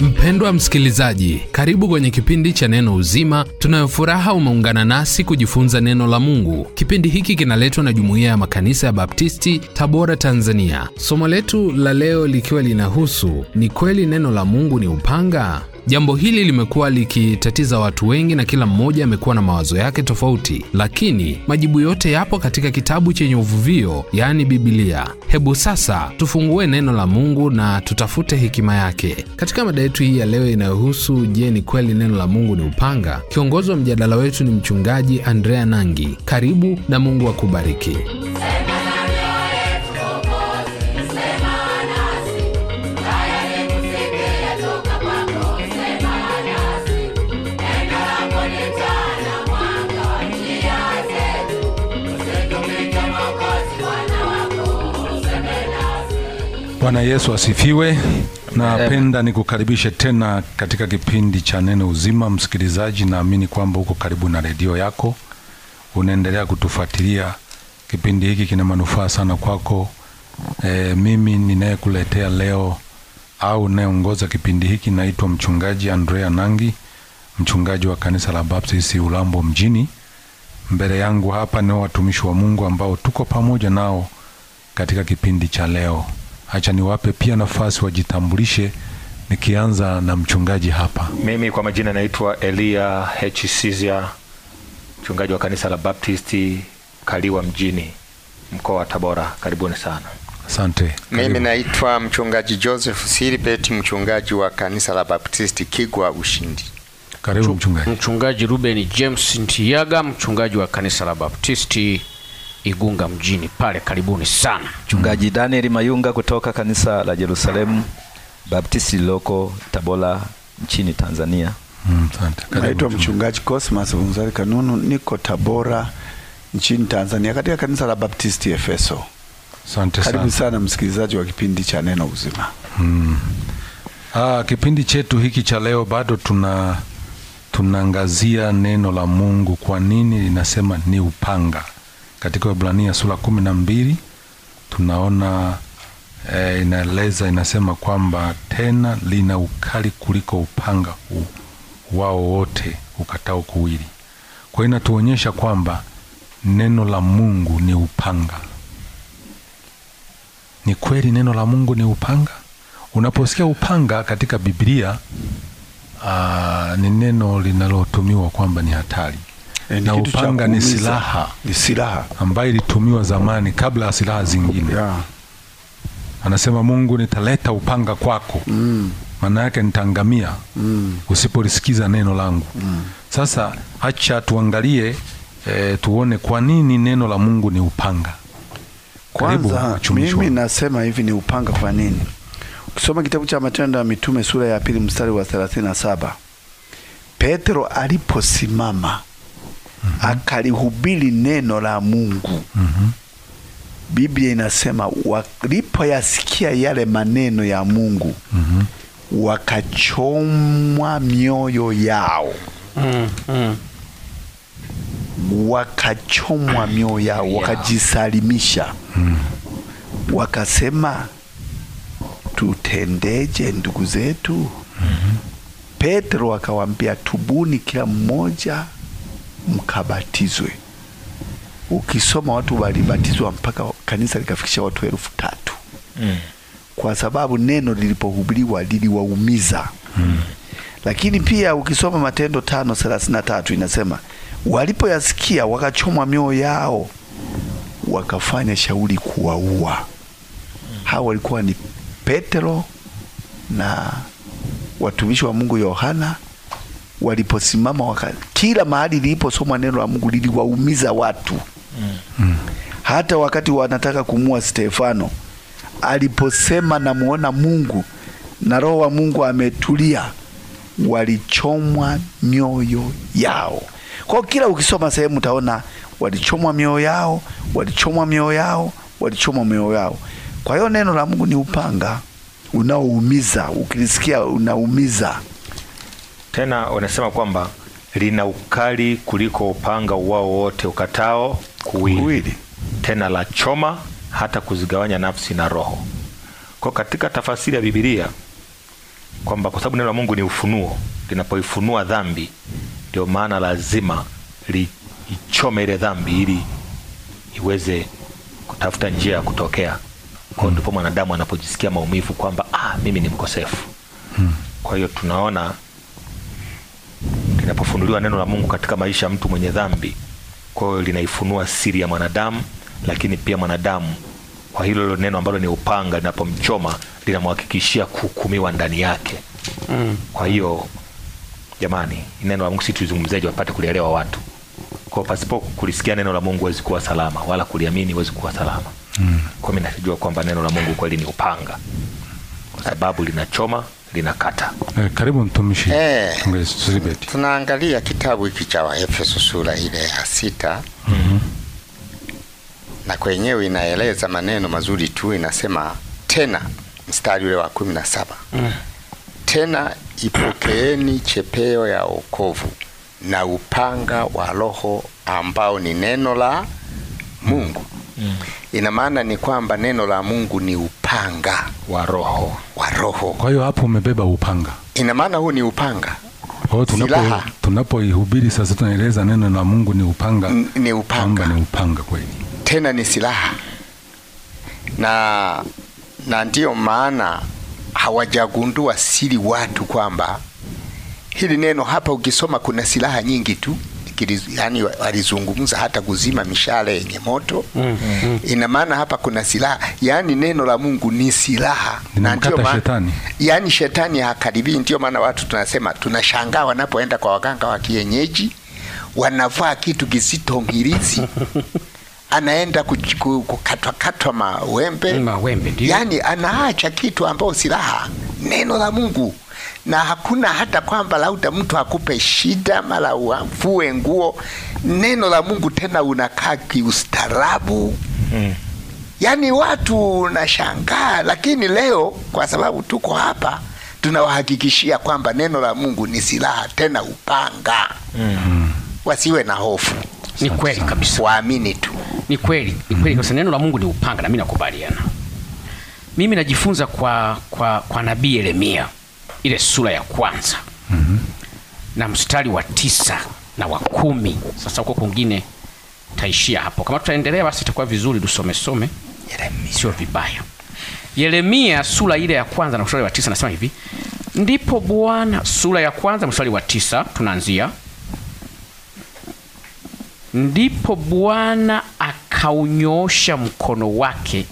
Mpendwa msikilizaji, karibu kwenye kipindi cha Neno Uzima. Tunayofuraha umeungana nasi kujifunza neno la Mungu. Kipindi hiki kinaletwa na Jumuiya ya Makanisa ya Baptisti, Tabora, Tanzania. Somo letu la leo likiwa linahusu ni kweli neno la Mungu ni upanga? Jambo hili limekuwa likitatiza watu wengi na kila mmoja amekuwa na mawazo yake tofauti, lakini majibu yote yapo katika kitabu chenye uvuvio, yaani Biblia. Hebu sasa tufungue neno la Mungu na tutafute hekima yake katika mada yetu hii ya leo inayohusu je, ni kweli neno la Mungu ni upanga? Kiongozi wa mjadala wetu ni Mchungaji Andrea Nangi. Karibu na Mungu akubariki. Bwana Yesu asifiwe. Napenda nikukaribishe tena katika kipindi cha Neno Uzima. Msikilizaji, naamini kwamba uko karibu na redio yako, unaendelea kutufuatilia. Kipindi hiki kina manufaa sana kwako. E, mimi ninayekuletea leo au nayeongoza kipindi hiki naitwa Mchungaji Andrea Nangi, mchungaji wa kanisa la Baptisti Ulambo mjini. Mbele yangu hapa ni watumishi wa Mungu ambao tuko pamoja nao katika kipindi cha leo. Acha niwape pia nafasi wajitambulishe, nikianza na mchungaji hapa. Mimi kwa majina naitwa Elia H. Sizia, mchungaji wa kanisa la Baptisti Kaliwa mjini, mkoa wa Tabora. Karibuni sana. Asante. Mimi naitwa mchungaji Joseph Silibeti, mchungaji wa kanisa la Baptisti Kigwa Ushindi. Karibu mchungaji. Mchungaji Ruben James Ntiyaga, mchungaji wa kanisa la Baptisti Igunga mjini pale, karibuni sana. Mchungaji Daniel Mayunga kutoka kanisa la Yerusalemu Baptisti liloko Tabora nchini Tanzania. Mm, naitwa mchungaji Cosmas Vunzari Kanunu, niko Tabora nchini Tanzania katika kanisa la Baptisti Efeso. Asante sana. Karibu sana msikilizaji wa kipindi cha Neno Uzima. Mm. Ah, kipindi chetu hiki cha leo bado tuna tunaangazia neno la Mungu, kwa nini linasema ni upanga katika Waebrania sura kumi na mbili tunaona e, inaeleza inasema kwamba tena lina ukali kuliko upanga u, wao wote ukatao kuwili. Kwa hiyo inatuonyesha kwamba neno la Mungu ni upanga. Ni kweli neno la Mungu ni upanga. Unaposikia upanga katika Biblia, aa, ah, ni neno linalotumiwa kwamba ni hatari. E, na upanga ni silaha, ni silaha ambayo ilitumiwa zamani kabla ya silaha zingine yeah. Anasema Mungu, nitaleta upanga kwako mm. Maana yake nitangamia mm. usipolisikiza neno langu mm. Sasa acha tuangalie e, tuone kwa nini neno la Mungu ni upanga. Kwanza mimi nasema hivi ni upanga kwa nini? Ukisoma kitabu cha Matendo ya Mitume sura ya pili mstari wa 37 Petro aliposimama mm -hmm. akalihubiri neno la Mungu mm -hmm. Biblia inasema walipoyasikia yale maneno ya Mungu mm -hmm. wakachomwa mioyo yao mm -hmm. wakachomwa mioyo yao wakajisalimisha mm -hmm. wakasema tutendeje ndugu zetu? mm -hmm. Petro akawaambia tubuni kila mmoja mkabatizwe. Ukisoma watu walibatizwa mpaka kanisa likafikisha watu elfu tatu mm. kwa sababu neno lilipohubiriwa liliwaumiza mm. Lakini pia ukisoma Matendo tano thelathini na tatu inasema walipoyasikia wakachomwa mioyo yao, wakafanya shauri kuwaua. Hao walikuwa ni Petero na watumishi wa Mungu Yohana waliposimama waka, kila mahali liliposomwa neno la Mungu liliwaumiza watu mm. hata wakati wanataka kumua Stefano aliposema namuona Mungu na roho wa Mungu ametulia, walichomwa mioyo yao. Kwa kila ukisoma sehemu utaona walichomwa mioyo yao, walichomwa mioyo yao, walichomwa mioyo yao. Kwa hiyo neno la Mungu ni upanga unaoumiza, ukilisikia unaumiza. Tena wanasema kwamba lina ukali kuliko upanga wao wote ukatao kuwili, kuwili, tena la choma hata kuzigawanya nafsi na roho. Kwa katika tafasiri ya Biblia kwamba kwa sababu neno la Mungu ni ufunuo, linapoifunua dhambi, ndio maana lazima lichome ile dhambi ili iweze kutafuta njia ya kutokea. Kwa ndipo mwanadamu anapojisikia maumivu kwamba ah, mimi ni mkosefu. Hmm. Kwa hiyo tunaona linapofunuliwa neno la Mungu katika maisha ya mtu mwenye dhambi, kwa hiyo linaifunua siri ya mwanadamu, lakini pia mwanadamu kwa hilo hilo neno ambalo ni upanga, linapomchoma linamhakikishia kuhukumiwa ndani yake. Mm. Kwa hiyo jamani, neno la Mungu si tuizungumzeje wapate kulielewa watu. Kwa pasipo kulisikia neno la Mungu huwezi kuwa salama, wala kuliamini huwezi kuwa salama. Mm. Kwa mimi najua kwamba neno la Mungu kweli ni upanga, kwa sababu linachoma linakata. Eh, karibu mtumishi. Eh, tunaangalia kitabu hiki cha Waefeso sura ile ya sita. Mm-hmm. Na kwenyewe inaeleza maneno mazuri tu, inasema tena, mstari ule wa kumi na saba. Mm. Tena ipokeeni chepeo ya wokovu na upanga wa Roho ambao ni neno la Mungu. Mm. Ina maana ni kwamba neno la Mungu ni upanga wa Roho. Roho. Kwa hiyo hapo umebeba upanga, ina maana huu ni upanga. Kwa hiyo tunapo tunapoihubiri sasa, tunaeleza neno la Mungu ni upanga, N ni upanga, ni upanga kweli, tena ni silaha, na na ndiyo maana hawajagundua siri watu kwamba hili neno hapa ukisoma kuna silaha nyingi tu yani walizungumza hata kuzima mishale yenye moto mm. -hmm. Ina maana hapa kuna silaha, yani neno la Mungu ni silaha, na ndio maana shetani, yani shetani hakaribii. Ndio maana watu tunasema tunashangaa wanapoenda kwa waganga wa kienyeji wanavaa kitu kisitongirizi anaenda katwa mawembe, mawembe yani anaacha kitu ambao silaha neno la Mungu na hakuna hata kwamba lauda mtu akupe shida mara uvue nguo. Neno la Mungu tena unakaa kiustarabu mm. Yaani watu nashangaa, lakini leo kwa sababu tuko hapa tunawahakikishia kwamba neno la Mungu ni silaha tena upanga mm. Wasiwe na hofu. Ni kweli kabisa, waamini tu. Ni kweli, ni kweli kabisa, neno la Mungu ni upanga, na mimi nakubaliana. Mimi najifunza kwa, kwa, kwa nabii Yeremia ile sura ya kwanza mm -hmm. na mstari wa tisa na wa kumi. Sasa huko kwingine taishia hapo, kama tutaendelea basi itakuwa vizuri tusomesome, sio vibaya. Yeremia sura ile ya kwanza na mstari wa tisa nasema hivi, ndipo Bwana, sura ya kwanza mstari wa tisa tunaanzia Ndipo Bwana akaunyosha mkono wake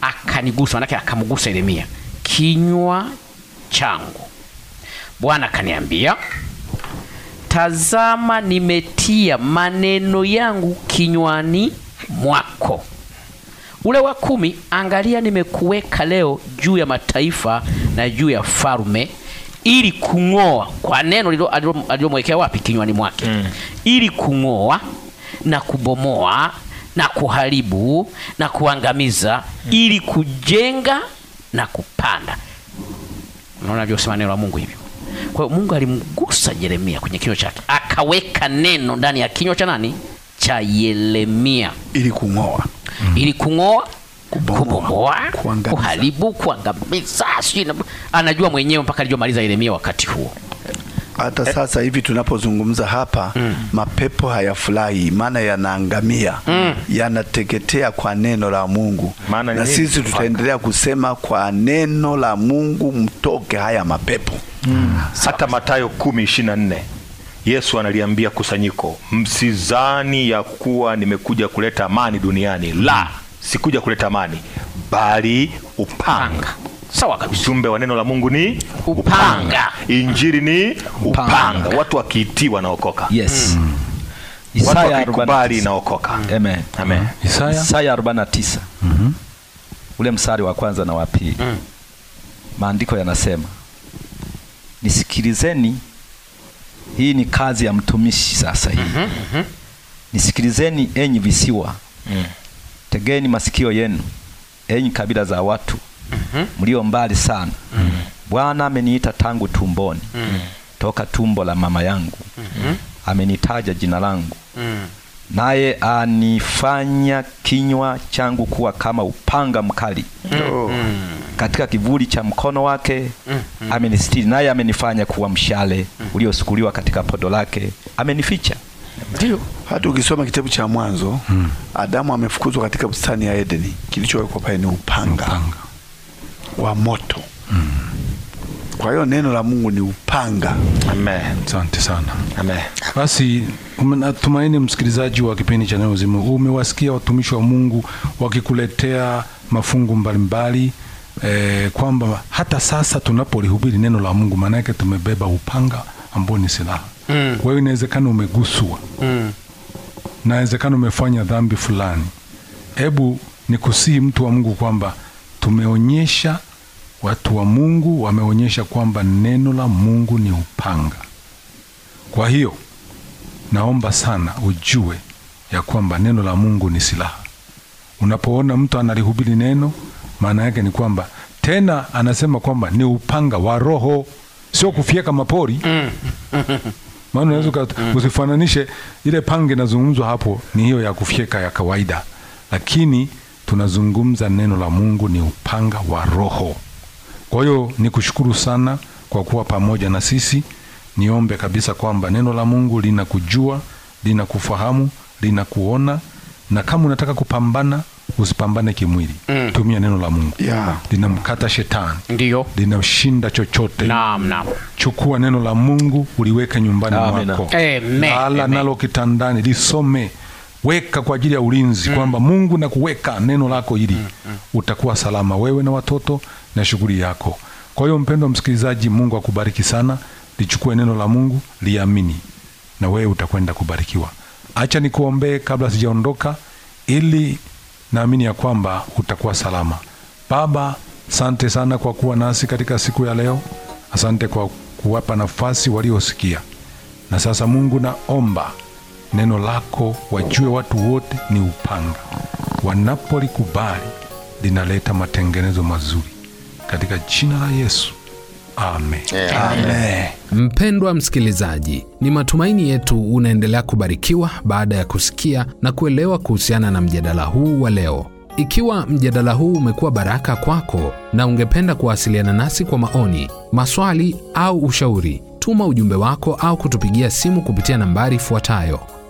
akanigusa, manake akamgusa Yeremia, kinywa changu. Bwana kaniambia, tazama, nimetia maneno yangu kinywani mwako. Ule wa kumi, angalia, nimekuweka leo juu ya mataifa na juu ya falme ili kung'oa kwa neno alilomwekea wapi? Kinywani mwake mm. ili kung'oa na kubomoa na kuharibu na kuangamiza mm. ili kujenga na kupanda. Unaona alivyosema neno la Mungu hivyo. Kwa hiyo Mungu alimgusa Yeremia kwenye kinywa chake, akaweka neno ndani ya kinywa cha nani? Cha Yeremia, ili kung'oa mm. ili kung'oa, kubomoa, kuharibu, kuangamiza. Anajua mwenyewe mpaka alijomaliza Yeremia wakati huo hata sasa hivi tunapozungumza hapa mm. mapepo hayafurahi, maana yanaangamia mm. yanateketea kwa neno la Mungu maana, na sisi tutaendelea kusema kwa neno la Mungu, mtoke haya mapepo mm. mm. hata Mathayo 10:24 Yesu analiambia kusanyiko, msizani ya kuwa nimekuja kuleta amani duniani, la sikuja kuleta amani bali upanga Sawa kabisa. Ujumbe wa neno la Mungu ni upanga, upanga. Injili ni upanga, upanga. Watu wakiitiwa wanaokoka. Yes. Mm. Watu wakikubali Amen. Amen. Mm-hmm. Isaya, Isaya 49. Mhm. Ule msari wa kwanza na wa pili. Mhm. Maandiko yanasema nisikilizeni, hii ni kazi ya mtumishi sasa hii mm -hmm. Mm-hmm. Nisikilizeni enyi visiwa. mm. Tegeni masikio yenu enyi kabila za watu Mhm. mlio mbali sana. Mhm. Bwana ameniita tangu tumboni, mhm. toka tumbo la mama yangu amenitaja jina langu, naye anifanya kinywa changu kuwa kama upanga mkali katika kivuli cha mkono wake mm -hmm. Amenisitiri naye amenifanya kuwa mshale mm -hmm. uliosukuliwa katika podo lake amenificha. Ndio hata ukisoma kitabu cha Mwanzo mm -hmm. Adamu amefukuzwa katika bustani ya Edeni, kilichowekwa pale ni upanga, upanga wa moto mm. Kwa hiyo neno la Mungu ni upanga. Amen. Asante sana. Amen. Basi natumaini msikilizaji wa kipindi cha Neno Uzima umewasikia watumishi wa Mungu wakikuletea mafungu mbalimbali e, kwamba hata sasa tunapolihubiri neno la Mungu maana yake tumebeba upanga ambao ni silaha. Mm. Kwa hiyo inawezekana umeguswa. Mm. Na inawezekana umefanya dhambi fulani. Hebu nikusii mtu wa Mungu kwamba tumeonyesha watu wa Mungu wameonyesha kwamba neno la Mungu ni upanga. Kwa hiyo naomba sana ujue ya kwamba neno la Mungu ni silaha. Unapoona mtu analihubiri neno, maana yake ni kwamba tena anasema kwamba ni upanga wa Roho, sio kufyeka mapori mm. maana unaweza mm. usifananishe ile panga inazungumzwa hapo, ni hiyo ya kufyeka ya kawaida, lakini tunazungumza neno la Mungu ni upanga wa Roho. Kwa hiyo nikushukuru sana kwa kuwa pamoja na sisi. Niombe kabisa kwamba neno la Mungu linakujua, linakufahamu, linakuona, na kama unataka kupambana usipambane kimwili mm. Tumia neno la Mungu yeah. Linamkata shetani, ndio linashinda chochote. Naam, naam. Chukua neno la Mungu uliweke nyumbani mwako, ala nalo kitandani, lisome weka kwa ajili ya ulinzi mm. kwamba Mungu na kuweka neno lako hili mm. mm. utakuwa salama wewe na watoto na shughuli yako. Kwa hiyo mpendwa msikilizaji, Mungu akubariki sana. Lichukue neno la Mungu, liamini na wewe utakwenda kubarikiwa. Acha nikuombee kabla sijaondoka, ili naamini ya kwamba utakuwa salama. Baba, sante sana kwa kuwa nasi katika siku ya leo. Asante kwa kuwapa nafasi waliosikia, na sasa Mungu naomba neno lako wajue watu wote ni upanga, wanapolikubali linaleta matengenezo mazuri, katika jina la Yesu. Amen. Amen. Mpendwa msikilizaji, ni matumaini yetu unaendelea kubarikiwa baada ya kusikia na kuelewa kuhusiana na mjadala huu wa leo. Ikiwa mjadala huu umekuwa baraka kwako na ungependa kuwasiliana nasi kwa maoni, maswali au ushauri, tuma ujumbe wako au kutupigia simu kupitia nambari ifuatayo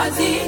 vazia.